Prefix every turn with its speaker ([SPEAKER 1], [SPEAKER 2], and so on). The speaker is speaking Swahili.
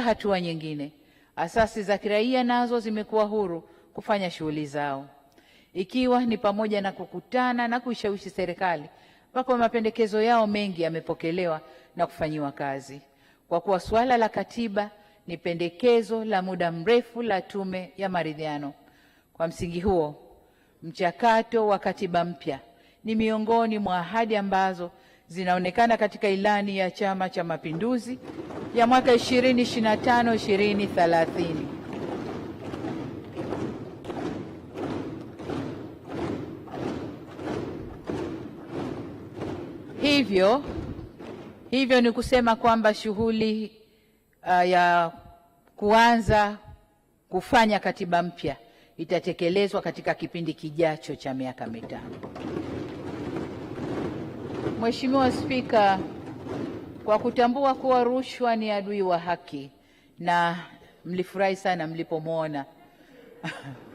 [SPEAKER 1] Hatua nyingine, asasi za kiraia nazo zimekuwa huru kufanya shughuli zao, ikiwa ni pamoja na kukutana na kuishawishi serikali, ambapo mapendekezo yao mengi yamepokelewa na kufanyiwa kazi. Kwa kuwa suala la katiba ni pendekezo la muda mrefu la Tume ya Maridhiano, kwa msingi huo mchakato wa katiba mpya ni miongoni mwa ahadi ambazo zinaonekana katika ilani ya Chama cha Mapinduzi ya mwaka 2025 2030. Hivyo hivyo ni kusema kwamba shughuli uh, ya kuanza kufanya katiba mpya itatekelezwa katika kipindi kijacho cha miaka mitano. Mheshimiwa Spika, kwa kutambua kuwa rushwa ni adui wa haki, na mlifurahi sana mlipomwona